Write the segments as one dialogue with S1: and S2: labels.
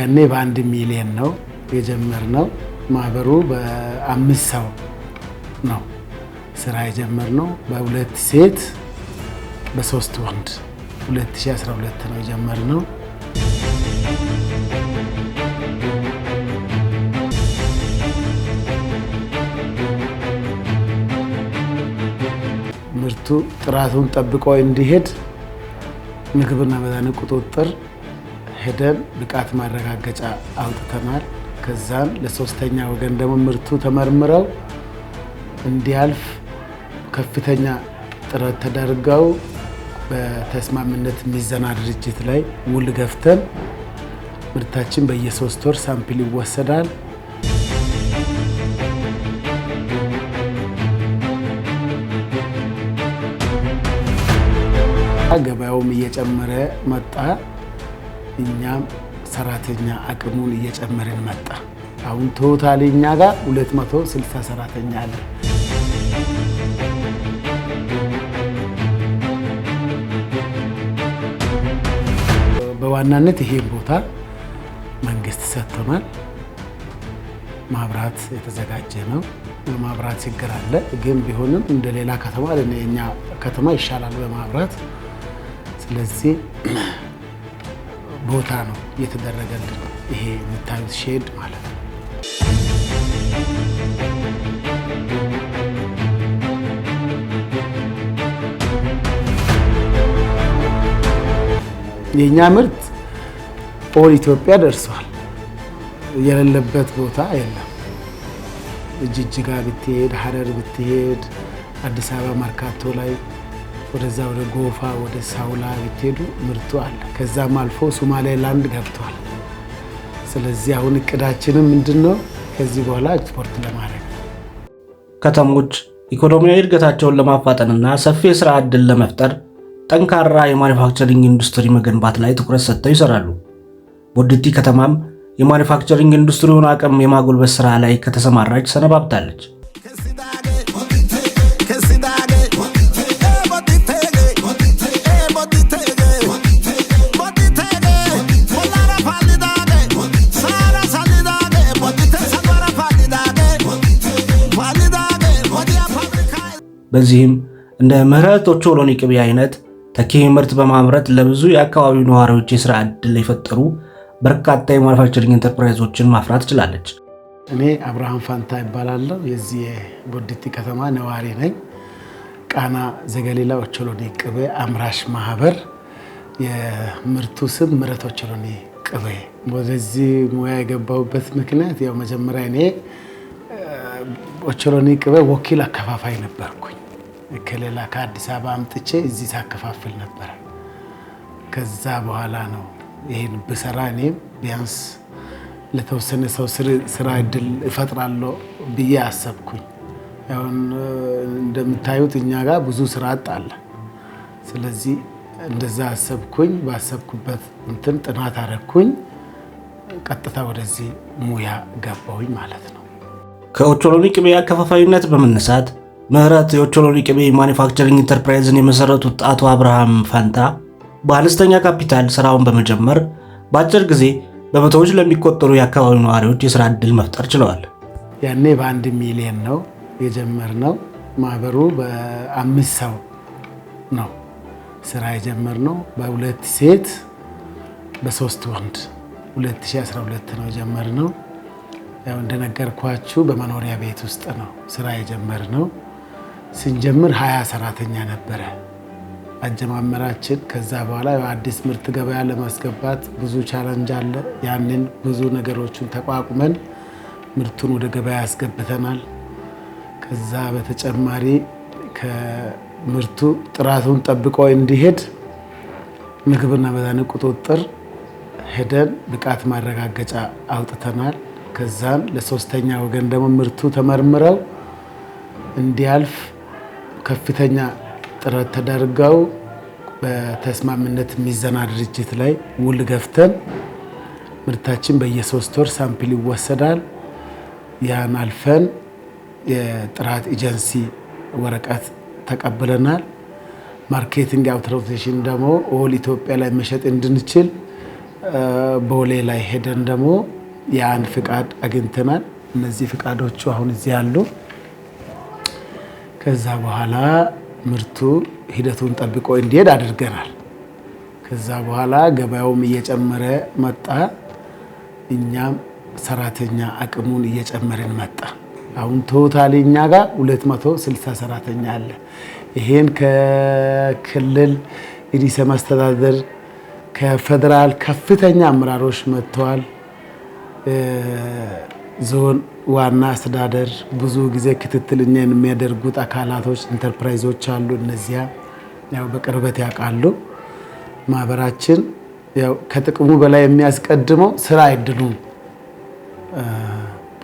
S1: ያኔ በአንድ ሚሊየን ነው የጀመርነው። ማህበሩ በአምስት ሰው ነው ስራ የጀመርነው፣ በሁለት ሴት በሶስት ወንድ 2012 ነው የጀመርነው። ምርቱ ጥራቱን ጠብቆ እንዲሄድ ምግብና መድኃኒት ቁጥጥር ሄደን ብቃት ማረጋገጫ አውጥተናል። ከዛም ለሶስተኛ ወገን ደግሞ ምርቱ ተመርምረው እንዲያልፍ ከፍተኛ ጥረት ተደርገው በተስማሚነት የሚዘና ድርጅት ላይ ውል ገፍተን ምርታችን በየሶስት ወር ሳምፕል ይወሰዳል። ገበያውም እየጨመረ መጣ። እኛም ሰራተኛ አቅሙን እየጨመርን መጣ። አሁን ቶታሊ እኛ ጋር 260 ሰራተኛ አለ። በዋናነት ይሄን ቦታ መንግስት ሰጥቶናል። ማብራት የተዘጋጀ ነው። ማብራት ችግር አለ፣ ግን ቢሆንም እንደ ሌላ ከተማ የእኛ ከተማ ይሻላል በማብራት ስለዚህ ቦታ ነው እየተደረገልን ይሄ የምታዩት ሼድ ማለት ነው። የእኛ ምርት ኦል ኢትዮጵያ ደርሷል። የሌለበት ቦታ የለም። እጅጅጋ ብትሄድ፣ ሀረር ብትሄድ፣ አዲስ አበባ መርካቶ ላይ ወደዛ ወደ ጎፋ ወደ ሳውላ ብትሄዱ ምርቱ አለ። ከዛም አልፎ ሶማሌላንድ ገብቷል። ስለዚህ አሁን እቅዳችንም ምንድን ነው? ከዚህ በኋላ ኤክስፖርት ለማድረግ
S2: ከተሞች ኢኮኖሚያዊ እድገታቸውን ለማፋጠንና ሰፊ የስራ ዕድል ለመፍጠር ጠንካራ የማኒፋክቸሪንግ ኢንዱስትሪ መገንባት ላይ ትኩረት ሰጥተው ይሰራሉ። ቦዲቲ ከተማም የማኒፋክቸሪንግ ኢንዱስትሪውን አቅም የማጎልበት ስራ ላይ ከተሰማራች ሰነባብታለች። በዚህም እንደ ምህረት ኦቾሎኒ ቅቤ አይነት ተኪ ምርት በማምረት ለብዙ የአካባቢው ነዋሪዎች የስራ ዕድል የፈጠሩ በርካታ የማኑፋክቸሪንግ ኢንተርፕራይዞችን ማፍራት ችላለች።
S1: እኔ አብርሃም ፋንታ ይባላለሁ። የዚህ የቦዲቲ ከተማ ነዋሪ ነኝ። ቃና ዘገሊላ ኦቾሎኒ ቅቤ አምራች ማህበር የምርቱ ስም ምህረት ኦቾሎኒ ቅቤ። ወደዚህ ሙያ የገባሁበት ምክንያት ያው መጀመሪያ እኔ ኦቾሎኒ ቅቤ ወኪል አከፋፋይ ነበርኩኝ። ከሌላ ከአዲስ አበባ አምጥቼ እዚህ ሳከፋፍል ነበረ። ከዛ በኋላ ነው ይህን ብሰራ እኔም ቢያንስ ለተወሰነ ሰው ስራ እድል እፈጥራለሁ ብዬ አሰብኩኝ። አሁን እንደምታዩት እኛ ጋር ብዙ ስራ አጣለ። ስለዚህ እንደዛ አሰብኩኝ። ባሰብኩበት እንትን ጥናት አረግኩኝ። ቀጥታ ወደዚህ ሙያ ገባሁኝ ማለት ነው።
S2: ከኦቾሎኒ ቅቤ አከፋፋይነት በመነሳት ምህረት የኦቾሎኒ ቅቤ ማኒፋክቸሪንግ ኢንተርፕራይዝን የመሰረቱት አቶ አብርሃም ፋንታ በአነስተኛ ካፒታል ስራውን በመጀመር በአጭር ጊዜ በመቶዎች ለሚቆጠሩ የአካባቢው ነዋሪዎች የስራ ዕድል መፍጠር ችለዋል።
S1: ያኔ በአንድ ሚሊየን ነው የጀመርነው። ማህበሩ በአምስት ሰው ነው ስራ የጀመርነው፣ በሁለት ሴት በሶስት ወንድ። 2012 ነው የጀመርነው። ያው እንደነገርኳችሁ በመኖሪያ ቤት ውስጥ ነው ስራ የጀመርነው። ስንጀምር ሀያ ሰራተኛ ነበረ አጀማመራችን። ከዛ በኋላ አዲስ ምርት ገበያ ለማስገባት ብዙ ቻለንጅ አለ። ያንን ብዙ ነገሮችን ተቋቁመን ምርቱን ወደ ገበያ ያስገብተናል። ከዛ በተጨማሪ ከምርቱ ጥራቱን ጠብቆ እንዲሄድ ምግብና መድኃኒት ቁጥጥር ሄደን ብቃት ማረጋገጫ አውጥተናል። ከዛን ለሶስተኛ ወገን ደግሞ ምርቱ ተመርምረው እንዲያልፍ ከፍተኛ ጥረት ተደርገው በተስማሚነት የሚዘና ድርጅት ላይ ውል ገፍተን ምርታችን በየሶስት ወር ሳምፕል ይወሰዳል። ያን አልፈን የጥራት ኤጀንሲ ወረቀት ተቀብለናል። ማርኬቲንግ አውቶራይዜሽን ደግሞ ኦል ኢትዮጵያ ላይ መሸጥ እንድንችል ቦሌ ላይ ሄደን ደግሞ የአንድ ፍቃድ አግኝተናል። እነዚህ ፍቃዶቹ አሁን እዚህ አሉ ከዛ በኋላ ምርቱ ሂደቱን ጠብቆ እንዲሄድ አድርገናል። ከዛ በኋላ ገበያውም እየጨመረ መጣ። እኛም ሰራተኛ አቅሙን እየጨመርን መጣ። አሁን ቶታሊ እኛ ጋር 260 ሰራተኛ አለ። ይሄን ከክልል ርዕሰ መስተዳድር ከፌዴራል ከፍተኛ አመራሮች መጥተዋል። ዞን ዋና አስተዳደር ብዙ ጊዜ ክትትል እኛን የሚያደርጉት አካላቶች ኢንተርፕራይዞች አሉ። እነዚያ ያው በቅርበት ያውቃሉ። ማህበራችን ያው ከጥቅሙ በላይ የሚያስቀድመው ስራ እድሉ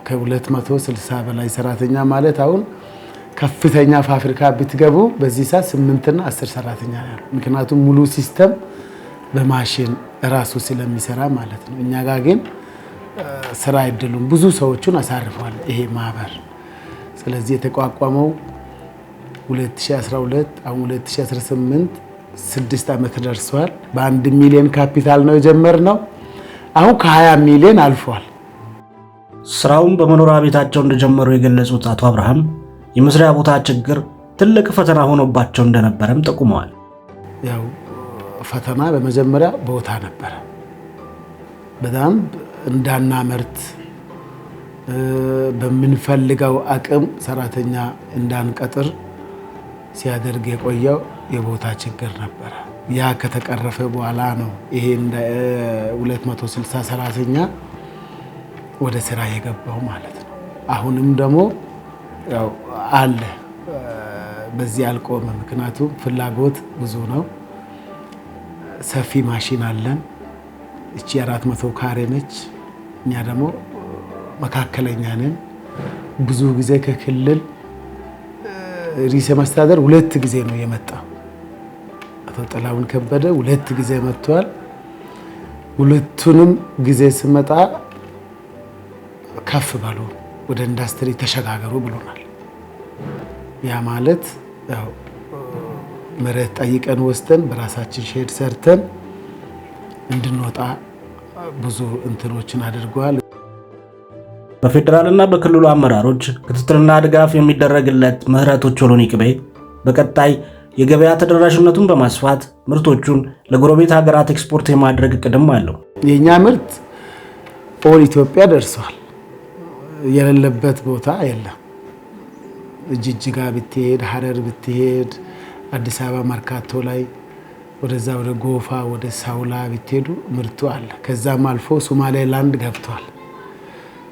S1: ከ260 በላይ ሰራተኛ ማለት አሁን ከፍተኛ ፋብሪካ ብትገቡ በዚህ ሰዓት ስምንትና አስር ሰራተኛ ያሉ። ምክንያቱም ሙሉ ሲስተም በማሽን ራሱ ስለሚሰራ ማለት ነው። እኛ ጋር ግን ስራ እድሉን ብዙ ሰዎቹን አሳርፏል ይሄ ማህበር። ስለዚህ የተቋቋመው 2012 አሁን 2018 ስድስት ዓመት ደርሷል። በአንድ ሚሊዮን ካፒታል ነው የጀመርነው። አሁን ከ20 ሚሊዮን አልፏል።
S2: ስራውን በመኖሪያ ቤታቸው እንደጀመሩ የገለጹት አቶ አብርሃም የመስሪያ ቦታ ችግር ትልቅ ፈተና ሆኖባቸው እንደነበረም ጠቁመዋል።
S1: ያው ፈተና በመጀመሪያ ቦታ ነበረ በጣም እንዳናመርት በምንፈልገው አቅም ሰራተኛ እንዳንቀጥር ሲያደርግ የቆየው የቦታ ችግር ነበረ። ያ ከተቀረፈ በኋላ ነው ይሄ 260 ሰራተኛ ወደ ስራ የገባው ማለት ነው። አሁንም ደግሞ ያው አለ፣ በዚህ አልቆመ። ምክንያቱም ፍላጎት ብዙ ነው። ሰፊ ማሽን አለን። እቺ 400 መቶ ካሬ ነች። እኛ ደግሞ መካከለኛ ነን። ብዙ ጊዜ ከክልል ርዕሰ መስተዳደር ሁለት ጊዜ ነው የመጣው። አቶ ጥላሁን ከበደ ሁለት ጊዜ መጥቷል። ሁለቱንም ጊዜ ስመጣ ከፍ በሉ ወደ ኢንዱስትሪ ተሸጋገሩ ብሎናል። ያ ማለት ያው መሬት ጠይቀን ወስደን በራሳችን ሼድ ሰርተን እንድንወጣ ብዙ እንትኖችን አድርጓል።
S2: በፌዴራልና በክልሉ አመራሮች ክትትልና ድጋፍ የሚደረግለት ምህረት ኦቾሎኒ ቅቤ በቀጣይ የገበያ ተደራሽነቱን በማስፋት ምርቶቹን ለጎረቤት ሀገራት ኤክስፖርት የማድረግ እቅድም አለው።
S1: የእኛ ምርት ኦል ኢትዮጵያ ደርሰዋል። የሌለበት ቦታ የለም። እጅጅጋ ብትሄድ፣ ሀረር ብትሄድ፣ አዲስ አበባ መርካቶ ላይ ወደዛ ወደ ጎፋ ወደ ሳውላ ብትሄዱ ምርቱ አለ። ከዛም አልፎ ላንድ ገብቷል።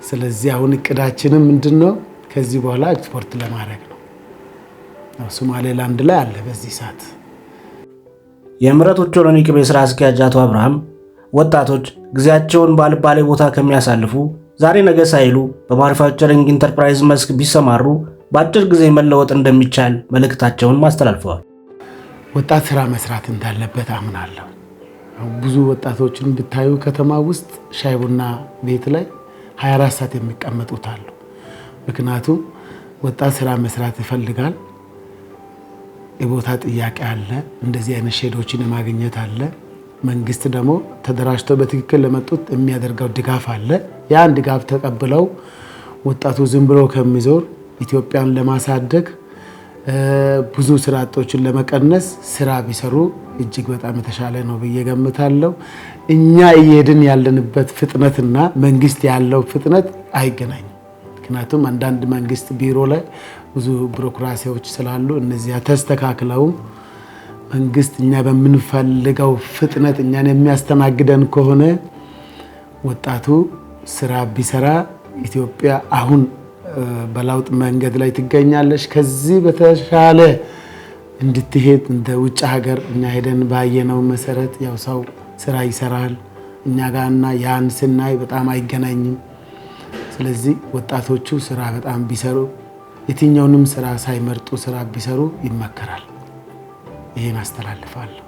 S1: ስለዚህ አሁን እቅዳችንም ምንድን ነው? ከዚህ በኋላ ኤክስፖርት ለማድረግ ነው። ላንድ ላይ አለ በዚህ ሰዓት።
S2: የምህረት ኦቾሎኒ ቅቤ ስራ አስኪያጅ አቶ አብርሃም ወጣቶች ጊዜያቸውን ባልባሌ ቦታ ከሚያሳልፉ ዛሬ ነገ ሳይሉ በማኑፋክቸሪንግ ኢንተርፕራይዝ መስክ ቢሰማሩ በአጭር ጊዜ መለወጥ እንደሚቻል መልእክታቸውን ማስተላልፈዋል። ወጣት ስራ መስራት እንዳለበት አምናለሁ። ብዙ ወጣቶችን ብታዩ ከተማ ውስጥ ሻይ ቡና ቤት ላይ 24 ሰዓት የሚቀመጡት አሉ። ምክንያቱም ወጣት ስራ መስራት ይፈልጋል። የቦታ ጥያቄ አለ። እንደዚህ አይነት ሼዶችን የማግኘት አለ። መንግስት ደግሞ ተደራጅቶ በትክክል ለመጡት የሚያደርገው ድጋፍ አለ። ያን ድጋፍ ተቀብለው ወጣቱ ዝም ብሎ ከሚዞር ኢትዮጵያን ለማሳደግ ብዙ ስራ አጦችን ለመቀነስ ስራ ቢሰሩ እጅግ በጣም የተሻለ ነው ብዬ ገምታለሁ። እኛ እየሄድን ያለንበት ፍጥነትና መንግስት ያለው ፍጥነት አይገናኝም። ምክንያቱም አንዳንድ መንግስት ቢሮ ላይ ብዙ ቢሮክራሲዎች ስላሉ እነዚያ ተስተካክለው መንግስት እኛ በምንፈልገው ፍጥነት እኛን የሚያስተናግደን ከሆነ ወጣቱ ስራ ቢሰራ ኢትዮጵያ አሁን በለውጥ መንገድ ላይ ትገኛለች። ከዚህ በተሻለ እንድትሄድ እንደ ውጭ ሀገር እኛ ሄደን ባየነው መሰረት ያው ሰው ስራ ይሰራል እኛ ጋርና ያን ስናይ በጣም አይገናኝም። ስለዚህ ወጣቶቹ ስራ በጣም ቢሰሩ የትኛውንም ስራ ሳይመርጡ ስራ ቢሰሩ ይመከራል። ይሄን አስተላልፋለሁ።